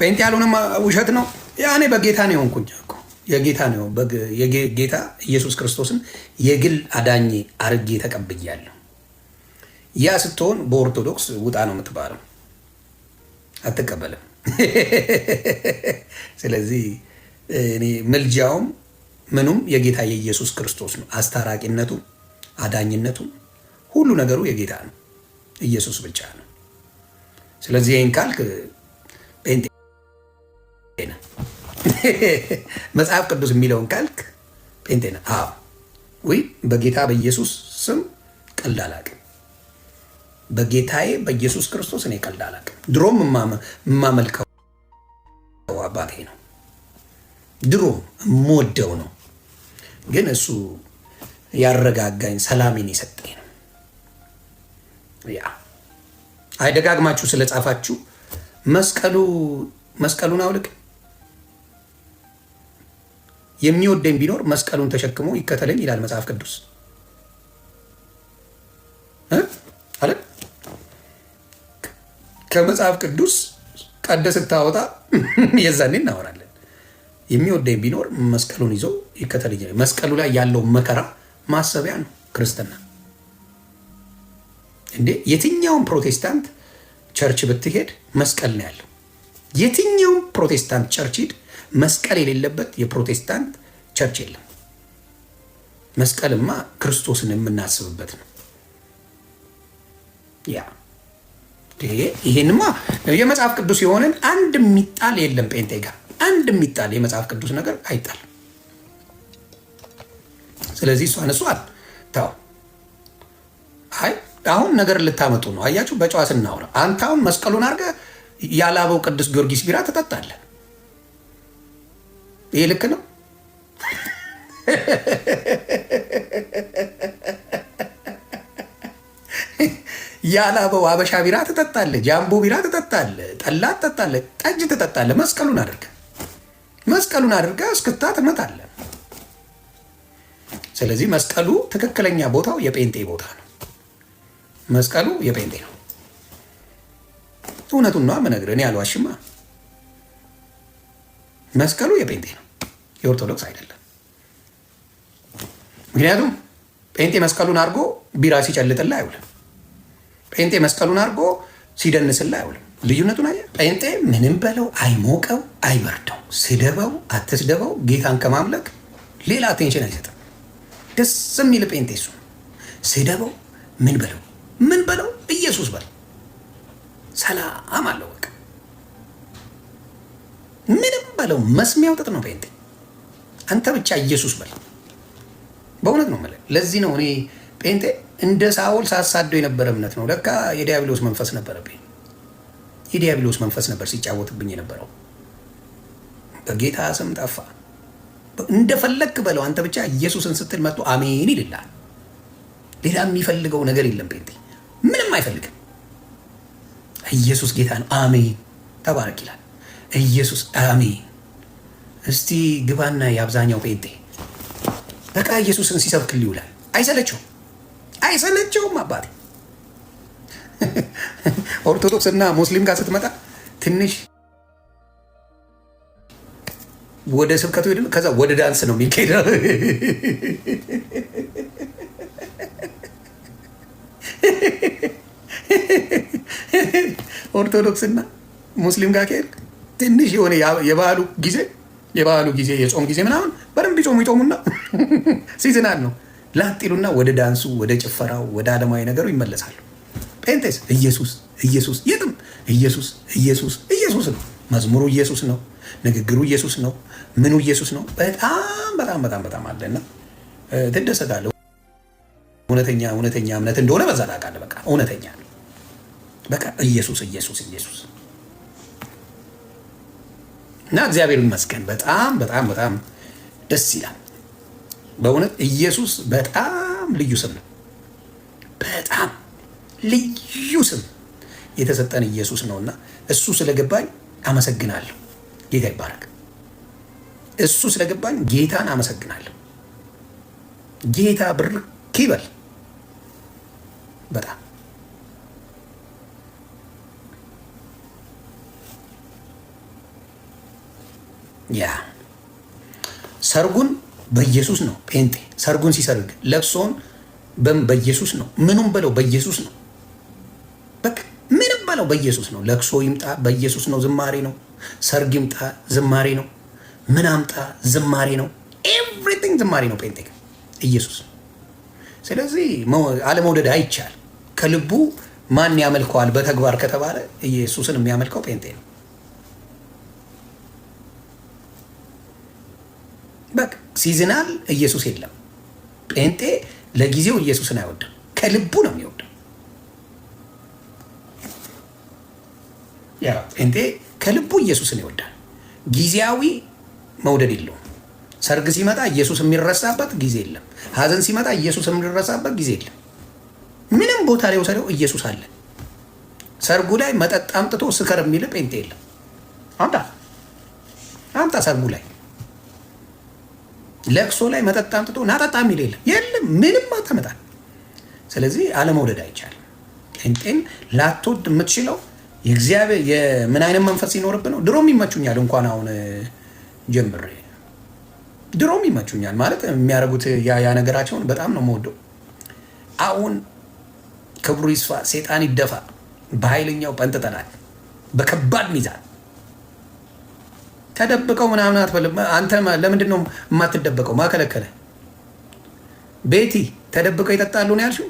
ጴንጤ ያልሆነ ውሸት ነው። ያኔ በጌታ ነው የሆንኩኝ እኮ የጌታ ነው ጌታ ኢየሱስ ክርስቶስን የግል አዳኝ አርጌ ተቀብያለሁ። ያ ስትሆን በኦርቶዶክስ ውጣ ነው የምትባለው፣ አትቀበልም። ስለዚህ እኔ ምልጃውም ምኑም የጌታ የኢየሱስ ክርስቶስ ነው። አስታራቂነቱ፣ አዳኝነቱ፣ ሁሉ ነገሩ የጌታ ነው። ኢየሱስ ብቻ ነው። ስለዚህ ይህን ካልክ መጽሐፍ ቅዱስ የሚለውን ካልክ ጴንጤ ነህ? አዎ። ወይ በጌታ በኢየሱስ ስም ቀልድ አላውቅም። በጌታዬ በኢየሱስ ክርስቶስ እኔ ቀልድ አላውቅም። ድሮም የማመልከው አባቴ ነው። ድሮም የምወደው ነው። ግን እሱ ያረጋጋኝ፣ ሰላሜን የሰጠኝ ነው። ያ አይደጋግማችሁ ስለጻፋችሁ መስቀሉ መስቀሉን አውልቅ የሚወደኝ ቢኖር መስቀሉን ተሸክሞ ይከተለኝ ይላል መጽሐፍ ቅዱስ አለ። ከመጽሐፍ ቅዱስ ቀደ ስታወጣ የዛኔ እናወራለን። የሚወደኝ ቢኖር መስቀሉን ይዞ ይከተለኛል። መስቀሉ ላይ ያለው መከራ ማሰቢያ ነው ክርስትና። እንዴ የትኛውን ፕሮቴስታንት ቸርች ብትሄድ መስቀል ነው ያለው። የትኛውም ፕሮቴስታንት ቸርች ሂድ መስቀል የሌለበት የፕሮቴስታንት ቸርች የለም። መስቀልማ ክርስቶስን የምናስብበት ነው። ያ ይህንማ የመጽሐፍ ቅዱስ የሆነን አንድ የሚጣል የለም። ጴንጤ ጋር አንድ የሚጣል የመጽሐፍ ቅዱስ ነገር አይጣልም። ስለዚህ እሷን እሷን ተው። አይ አሁን ነገር ልታመጡ ነው። አያችሁ፣ በጨዋ ስናወራ አንተ አሁን መስቀሉን አድርገህ ያላበው ቅዱስ ጊዮርጊስ ቢራ ትጠጣለህ። ይሄ ልክ ነው። ያላበው አበሻ ቢራ ትጠጣለህ፣ ጃምቦ ቢራ ትጠጣለህ፣ ጠላ ትጠጣለህ፣ ጠጅ ትጠጣለህ። መስቀሉን አድርገ መስቀሉን አድርገ እስክታ ትመጣለህ። ስለዚህ መስቀሉ ትክክለኛ ቦታው የጴንጤ ቦታ ነው። መስቀሉ የጴንጤ ነው። እውነቱን ነው የምነግርህ፣ እኔ አልዋሽማ። መስቀሉ የጴንጤ ነው፣ የኦርቶዶክስ አይደለም። ምክንያቱም ጴንጤ መስቀሉን አድርጎ ቢራ ሲጨልጥላ አይውልም። ጴንጤ መስቀሉን አድርጎ ሲደንስላ አይውልም። ልዩነቱን አየህ? ጴንጤ ምንም በለው አይሞቀው፣ አይበርደው። ስደበው አትስደበው፣ ጌታን ከማምለክ ሌላ አቴንሽን አይሰጥም። ደስ የሚል ጴንጤ እሱ። ስደበው፣ ምን በለው ምን በለው ኢየሱስ በለው ሰላም አለው። በለው መስሚያው ጥጥ ነው ጴንጤ። አንተ ብቻ ኢየሱስ በል። በእውነት ነው የምልህ። ለዚህ ነው እኔ ጴንጤ እንደ ሳውል ሳሳደው የነበረ እምነት ነው። ለካ የዲያብሎስ መንፈስ ነበረብኝ። የዲያብሎስ መንፈስ ነበር ሲጫወትብኝ የነበረው። በጌታ ስም ጠፋ። እንደፈለግክ በለው አንተ ብቻ ኢየሱስን ስትል መጥቶ አሜን ይልሃል። ሌላ የሚፈልገው ነገር የለም ጴንጤ ምንም አይፈልግም። ኢየሱስ ጌታ ነው። አሜን ተባረክ ይላል ኢየሱስ አሜን እስቲ ግባና የአብዛኛው ጴንጤ በቃ ኢየሱስን ሲሰብክል ይውላል። አይሰለችው አይሰለችውም አባቴ ኦርቶዶክስ እና ሙስሊም ጋር ስትመጣ ትንሽ ወደ ስብከቱ ሄድ፣ ከዛ ወደ ዳንስ ነው የሚካሄደው። ኦርቶዶክስና ሙስሊም ጋር ከሄድ ትንሽ የሆነ የባህሉ ጊዜ የበዓሉ ጊዜ የጾም ጊዜ ምናምን በደንብ ጾሙ ይጾሙና ሲዝናል ነው ላጢሉና ወደ ዳንሱ፣ ወደ ጭፈራው፣ ወደ ዓለማዊ ነገሩ ይመለሳሉ። ጴንጤስ ኢየሱስ ኢየሱስ የትም ኢየሱስ ኢየሱስ ኢየሱስ ነው። መዝሙሩ ኢየሱስ ነው። ንግግሩ ኢየሱስ ነው። ምኑ ኢየሱስ ነው። በጣም በጣም በጣም በጣም አለና ትደሰታለህ። እውነተኛ እውነተኛ እምነት እንደሆነ በዛ ታውቃለህ። በቃ እውነተኛ በቃ ኢየሱስ ኢየሱስ ኢየሱስ እና እግዚአብሔር ይመስገን በጣም በጣም በጣም ደስ ይላል። በእውነት ኢየሱስ በጣም ልዩ ስም ነው። በጣም ልዩ ስም የተሰጠን ኢየሱስ ነውና እሱ ስለገባኝ አመሰግናለሁ። ጌታ ይባረክ። እሱ ስለገባኝ ጌታን አመሰግናለሁ። ጌታ ብርክ ይበል በጣም ያ ሰርጉን በኢየሱስ ነው። ጴንጤ ሰርጉን ሲሰርግ ለብሶን በኢየሱስ ነው። ምኑም በለው በኢየሱስ ነው። በቃ ምንም በለው በኢየሱስ ነው። ለቅሶ ይምጣ በኢየሱስ ነው። ዝማሬ ነው። ሰርግ ይምጣ ዝማሬ ነው። ምን አምጣ ዝማሬ ነው። ኤቭሪቲንግ ዝማሬ ነው። ጴንጤ ኢየሱስ። ስለዚህ አለመውደድ አይቻል። ከልቡ ማን ያመልከዋል በተግባር ከተባለ ኢየሱስን የሚያመልከው ጴንጤ ነው። ሲዝናል ኢየሱስ የለም። ጴንጤ ለጊዜው ኢየሱስን አይወድም፣ ከልቡ ነው የሚወደው። ያ ጴንጤ ከልቡ ኢየሱስን ይወዳል። ጊዜያዊ መውደድ የለውም። ሰርግ ሲመጣ ኢየሱስ የሚረሳበት ጊዜ የለም። ሀዘን ሲመጣ ኢየሱስ የሚረሳበት ጊዜ የለም። ምንም ቦታ ላይ ወሰደው ኢየሱስ አለ። ሰርጉ ላይ መጠጥ አምጥቶ ስከር የሚል ጴንጤ የለም። አምጣ አምጣ ሰርጉ ላይ ለቅሶ ላይ መጠጥ አምጥቶ ናጠጣ የሚል የለም የለም፣ ምንም አታመጣም። ስለዚህ አለመውደድ አይቻልም። ጴንጤን ላትወድ የምትችለው የእግዚአብሔር የምን አይነት መንፈስ ሲኖርብህ ነው? ድሮም ይመቹኛል፣ እንኳን አሁን ጀምሬ ድሮም ይመቹኛል ማለት የሚያደርጉት ያ ነገራቸውን በጣም ነው የምወደው። አሁን ክብሩ ይስፋ፣ ሴጣን ይደፋ። በኃይለኛው ጠንጥጠናል፣ በከባድ ሚዛን ተደብቀው ምናምን አትበልም። አንተ ለምንድን ነው የማትደበቀው? ማከለከለ ቤቲ ተደብቀው ይጠጣሉ ነው ያልሽው።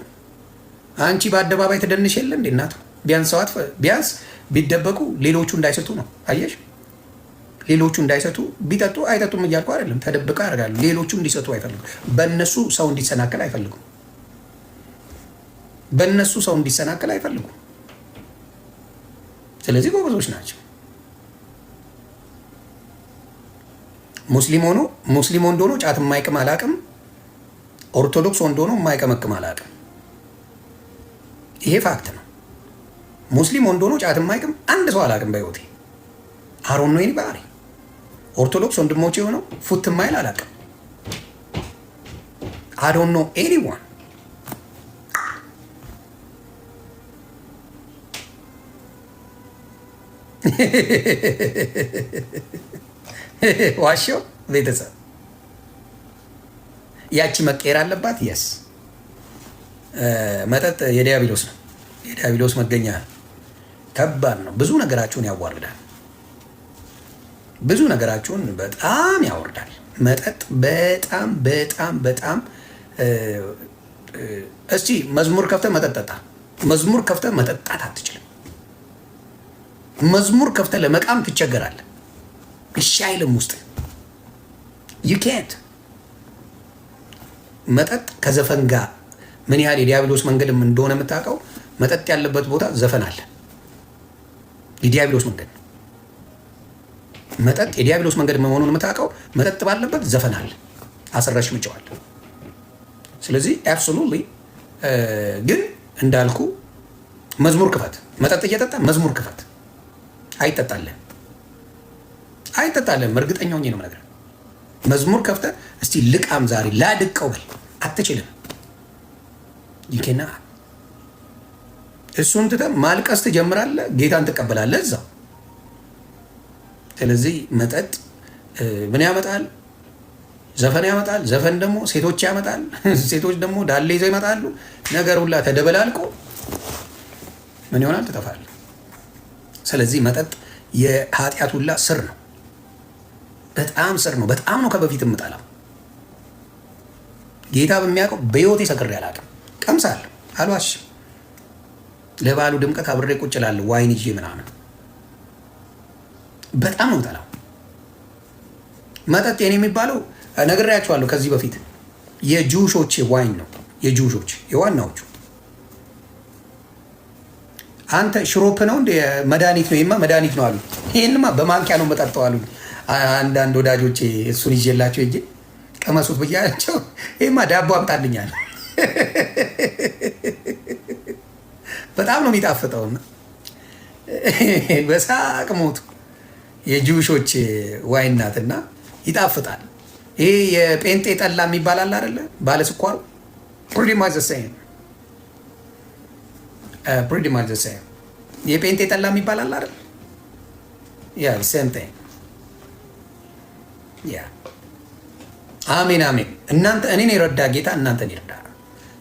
አንቺ በአደባባይ ትደንሽ የለ እንዴ? እናቱ ቢያንስ ሰዋት ቢያንስ ቢደበቁ ሌሎቹ እንዳይሰቱ ነው። አየሽ፣ ሌሎቹ እንዳይሰቱ ቢጠጡ አይጠጡም እያልኩ አይደለም። ተደብቀ ያደርጋሉ። ሌሎቹ እንዲሰቱ አይፈልጉም። በእነሱ ሰው እንዲሰናከል አይፈልጉም። በእነሱ ሰው እንዲሰናከል አይፈልጉም። ስለዚህ ጎበዞች ናቸው። ሙስሊም ሆኖ ሙስሊም ወንድ ሆኖ ጫት የማይቅም አላቅም። ኦርቶዶክስ ወንድ ሆኖ የማይቀመቅም አላቅም። ይሄ ፋክት ነው። ሙስሊም ወንድ ሆኖ ጫት የማይቅም አንድ ሰው አላቅም በህይወቴ። አሮን ነው ይህ ባህሪ። ኦርቶዶክስ ወንድሞች የሆነው ፉት ማይል አላቅም። አዶን ነው ኤኒዋን ዋሸው ቤተሰብ ያቺ መቀየር አለባት። የስ መጠጥ የዲያብሎስ ነው፣ የዲያብሎስ መገኛ ከባድ ነው። ብዙ ነገራችሁን ያዋርዳል፣ ብዙ ነገራችሁን በጣም ያወርዳል። መጠጥ በጣም በጣም በጣም እስቲ መዝሙር ከፍተህ መጠጠጣ መዝሙር ከፍተህ መጠጣት አትችልም። መዝሙር ከፍተህ ለመቃም ትቸገራለህ። እሺ አይልም ውስጥ ዩ ኬንት መጠጥ ከዘፈን ጋር ምን ያህል የዲያብሎስ መንገድም እንደሆነ የምታውቀው መጠጥ ያለበት ቦታ ዘፈን አለ። የዲያብሎስ መንገድ መጠጥ የዲያብሎስ መንገድ መሆኑን የምታውቀው መጠጥ ባለበት ዘፈን አለ። አስረሽ ምጨዋል። ስለዚህ አብሶሉትሊ ግን እንዳልኩ መዝሙር ክፈት፣ መጠጥ እየጠጣ መዝሙር ክፈት አይጠጣለን አይተጣለም እርግጠኛ ነው ነገር መዝሙር ከፍተ እስቲ ልቃም ዛሬ ላድቀው በል አትችልም። ይኬና እሱን ትተ ማልቀስ ትጀምራለህ፣ ጌታን ትቀበላለ እዛው። ስለዚህ መጠጥ ምን ያመጣል? ዘፈን ያመጣል። ዘፈን ደግሞ ሴቶች ያመጣል። ሴቶች ደግሞ ዳሌ ይዘው ይመጣሉ። ነገር ሁላ ተደበላልቆ ምን ይሆናል? ትጠፋል። ስለዚህ መጠጥ የኃጢአት ሁላ ስር ነው። በጣም ስር ነው። በጣም ነው ከበፊት የምጠላው። ጌታ በሚያውቀው በሕይወቴ ሰክሬ አላውቅም። ቀምሳለሁ፣ አልዋሽም። ለበዓሉ ድምቀት አብሬ ቁጭ እላለሁ ዋይን ይዤ ምናምን። በጣም ነው ጠላው። መጠጥ የኔ የሚባለው ነግሬያቸዋለሁ ከዚህ በፊት የጁሾች ዋይን ነው። የጁሾች የዋናዎቹ አንተ ሽሮፕ ነው እንደ መድኃኒት ነው። ይማ መድኃኒት ነው አሉ። ይህንማ በማንኪያ ነው መጠጠው አሉ። አንዳንድ ወዳጆቼ እሱን ይዤላቸው ሄጄ ቀመሱት ብያቸው ይሄማ ዳቦ አምጣልኛል። በጣም ነው የሚጣፍጠውና በሳቅ ሞቱ። የጂውሾች ዋይን ናትና ይጣፍጣል። ይሄ የጴንጤ ጠላ የሚባል አለ አይደለ? ባለ ስኳሩ uh, የጴንጤ ጠላ የሚባል አለ አይደል? ያ ሴምቴን አሜን አሜን። እናንተ እኔን የረዳ ጌታ እናንተን ይርዳ።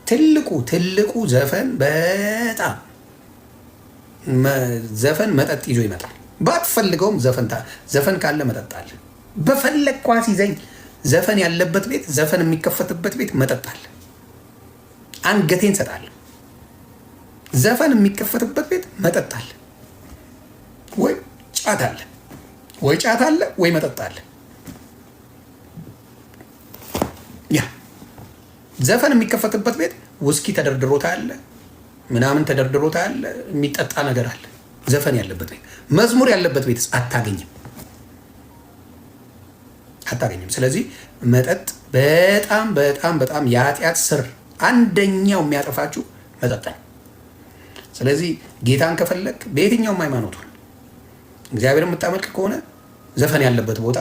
ትልቁ ትልቁ ዘፈን በጣም ዘፈን መጠጥ ይዞ ይመጣል። ባትፈልገውም ዘፈን ካለ መጠጣል። በፈለግ ኳስ ይዘኝ ዘፈን ያለበት ቤት፣ ዘፈን የሚከፈትበት ቤት መጠጣል። አንገቴን ሰጣል። ዘፈን የሚከፈትበት ቤት መጠጣል። ወይ ጫት አለ ወይ ጫት አለ ወይ አለ። ዘፈን የሚከፈትበት ቤት ውስኪ ተደርድሮታ አለ ምናምን ተደርድሮታ አለ የሚጠጣ ነገር አለ። ዘፈን ያለበት ቤት መዝሙር ያለበት ቤት አታገኝም አታገኝም። ስለዚህ መጠጥ በጣም በጣም በጣም የኃጢአት ስር አንደኛው የሚያጠፋችሁ መጠጥ ነው። ስለዚህ ጌታን ከፈለግ በየትኛውም ሃይማኖቱን እግዚአብሔር የምታመልክ ከሆነ ዘፈን ያለበት ቦታ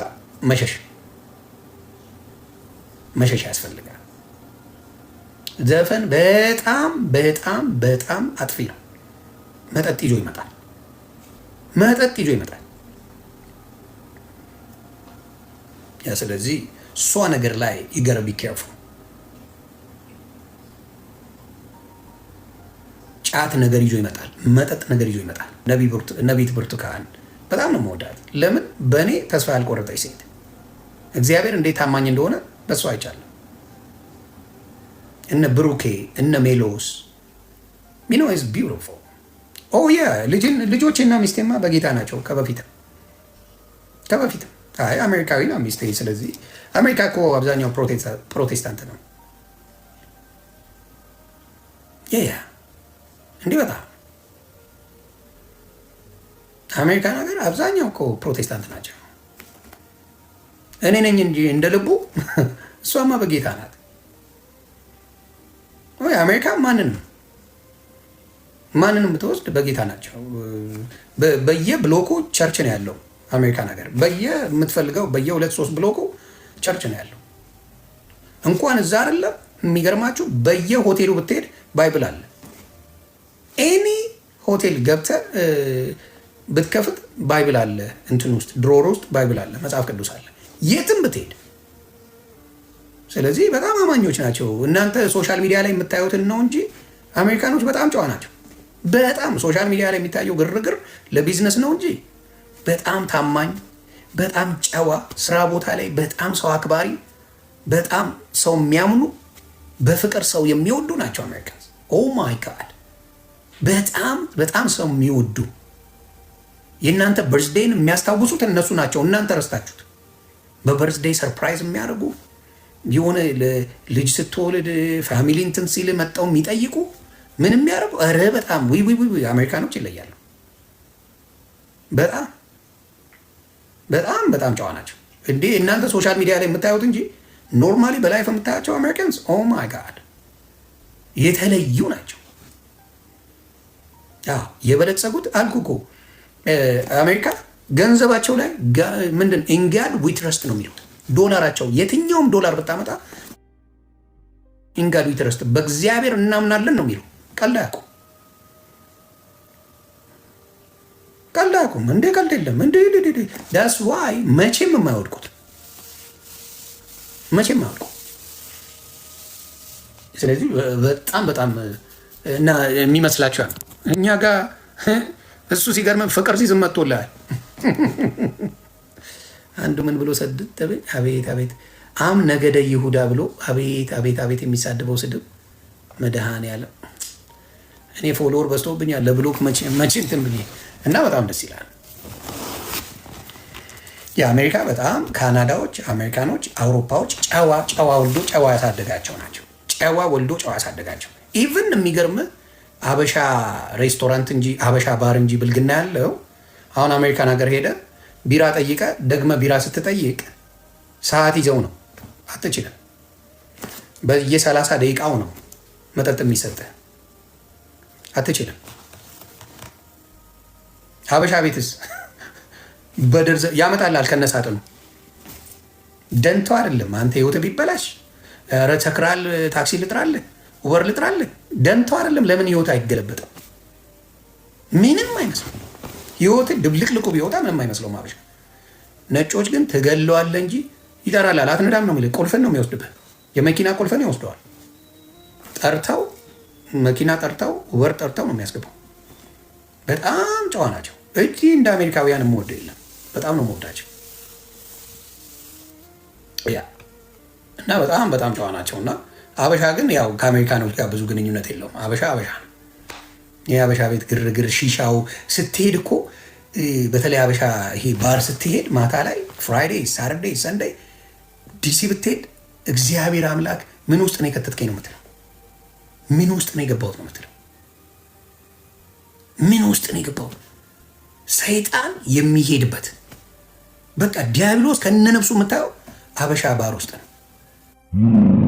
መሸሽ መሸሽ ያስፈልጋል። ዘፈን በጣም በጣም በጣም አጥፊ ነው። መጠጥ ይዞ ይመጣል። መጠጥ ይዞ ይመጣል። ያ ስለዚህ እሷ ነገር ላይ ይገረብ ይከፉ ጫት ነገር ይዞ ይመጣል። መጠጥ ነገር ይዞ ይመጣል። ነቢት ብርቱካን በጣም ነው መወዳት። ለምን በእኔ ተስፋ ያልቆረጠች ሴት እግዚአብሔር እንዴት ታማኝ እንደሆነ በእሷ አይቻለሁ። እነ ብሩኬ እነ ሜሎስ ዩ ኖ ኦ ያ ልጆች እና ሚስቴማ በጌታ ናቸው። ከበፊት ከበፊት አይ አሜሪካዊ ነው ሚስቴ። ስለዚህ አሜሪካ እኮ አብዛኛው ፕሮቴስታንት ነው። ያ እንዲህ በጣም አሜሪካ ነገር አብዛኛው እኮ ፕሮቴስታንት ናቸው። እኔ ነኝ እንጂ እንደ ልቡ እሷማ በጌታ ናት። አሜሪካ ማንንም ማንንም ብትወስድ በጌታ ናቸው። በየብሎኩ ቸርች ነው ያለው አሜሪካን ሀገር በየምትፈልገው በየሁለት ሶስት ብሎኩ ቸርች ነው ያለው። እንኳን እዛ አይደለም የሚገርማችሁ በየሆቴሉ ብትሄድ ባይብል አለ። ኤኒ ሆቴል ገብተህ ብትከፍት ባይብል አለ፣ እንትን ውስጥ ድሮር ውስጥ ባይብል አለ፣ መጽሐፍ ቅዱስ አለ። የትም ብትሄድ ስለዚህ በጣም አማኞች ናቸው። እናንተ ሶሻል ሚዲያ ላይ የምታዩትን ነው እንጂ አሜሪካኖች በጣም ጨዋ ናቸው። በጣም ሶሻል ሚዲያ ላይ የሚታየው ግርግር ለቢዝነስ ነው እንጂ በጣም ታማኝ፣ በጣም ጨዋ፣ ስራ ቦታ ላይ በጣም ሰው አክባሪ፣ በጣም ሰው የሚያምኑ፣ በፍቅር ሰው የሚወዱ ናቸው አሜሪካን። ኦ ማይ ጋድ! በጣም በጣም ሰው የሚወዱ የእናንተ በርዝዴይን የሚያስታውሱት እነሱ ናቸው። እናንተ ረስታችሁት። በበርዝዴይ ሰርፕራይዝ የሚያደርጉ የሆነ ልጅ ስትወልድ ፋሚሊ እንትን ሲል መጣው የሚጠይቁ ምን የሚያደርጉ ኧረ በጣም ውይ ውይ ውይ አሜሪካኖች ይለያሉ። በጣም በጣም በጣም ጨዋ ናቸው። እንዴ እናንተ ሶሻል ሚዲያ ላይ የምታዩት እንጂ ኖርማሊ በላይፍ የምታያቸው አሜሪካንስ ኦ ማይ ጋድ የተለዩ ናቸው። የበለጸጉት አልኩ እኮ አሜሪካ ገንዘባቸው ላይ ምንድን ኢንጋድ ዊትረስት ነው የሚሉት ዶላራቸው የትኛውም ዶላር ብታመጣ ኢንጋዱ ኢንተረስት በእግዚአብሔር እናምናለን ነው የሚለው። ቀልድ አያውቁም፣ ቀልድ አያውቁም። እንደ ቀልድ የለም። እንደ ዳስ ዋይ መቼም የማይወድቁት መቼም አያወድቁ። ስለዚህ በጣም በጣም እና የሚመስላቸዋል እኛ ጋር እሱ ሲገርም ፍቅር ሲዝም መጥቶልሃል አንዱ ምን ብሎ ሰድብ አቤት አቤት አም ነገደ ይሁዳ ብሎ አቤት አቤት አቤት የሚሳድበው ስድብ ያለ እኔ ፎሎወር በዝቶብኛል ለብሎክ መቼ ብ እና በጣም ደስ ይላል። የአሜሪካ በጣም ካናዳዎች፣ አሜሪካኖች፣ አውሮፓዎች ጨዋ ጨዋ ወልዶ ጨዋ ያሳደጋቸው ናቸው። ጨዋ ወልዶ ጨዋ ያሳደጋቸው ኢቭን የሚገርም አበሻ ሬስቶራንት እንጂ አበሻ ባር እንጂ ብልግና ያለው አሁን አሜሪካን ሀገር ሄደ ቢራ ጠይቀ ደግመ ቢራ ስትጠይቅ ሰዓት ይዘው ነው አትችልም። በየ30 ደቂቃው ነው መጠጥ የሚሰጥ አትችልም። ሀበሻ ቤትስ በደርዘ ያመጣልሃል ከነሳጥኑ ደንቶ አይደለም አንተ ህይወት ቢበላሽ ረተክራል ታክሲ ልጥራልህ ኡበር ልጥራልህ ደንቶ አይደለም ለምን ህይወት አይገለበጥም ምንም አይመስልም ህይወትን ድብልቅልቁ ቢወጣ ምንም አይመስለው ማብሻ። ነጮች ግን ትገለዋለ እንጂ ይጠራላል። አትነዳም ነው የሚልህ። ቁልፍን ነው የሚወስድብህ። የመኪና ቁልፍን ይወስደዋል። ጠርተው መኪና ጠርተው ወር ጠርተው ነው የሚያስገባው። በጣም ጨዋ ናቸው። እጅህ እንደ አሜሪካውያን የምወደ የለም። በጣም ነው የምወዳቸው ያ እና በጣም በጣም ጨዋ ናቸው። እና አበሻ ግን ያው ከአሜሪካኖች ጋር ብዙ ግንኙነት የለውም። አበሻ አበሻ ነው። የአበሻ ቤት ግርግር፣ ሺሻው ስትሄድ እኮ በተለይ ሀበሻ ይሄ ባር ስትሄድ ማታ ላይ ፍራይዴ፣ ሳተርዴ፣ ሰንደይ ዲሲ ብትሄድ እግዚአብሔር አምላክ ምን ውስጥ ነው የከተትከኝ ነው ምትለው። ምን ውስጥ ነው የገባሁት ነው ምትለው። ምን ውስጥ ነው የገባሁት ሰይጣን የሚሄድበት በቃ ዲያብሎስ ከነ የምታየው ሀበሻ ባር ውስጥ ነው።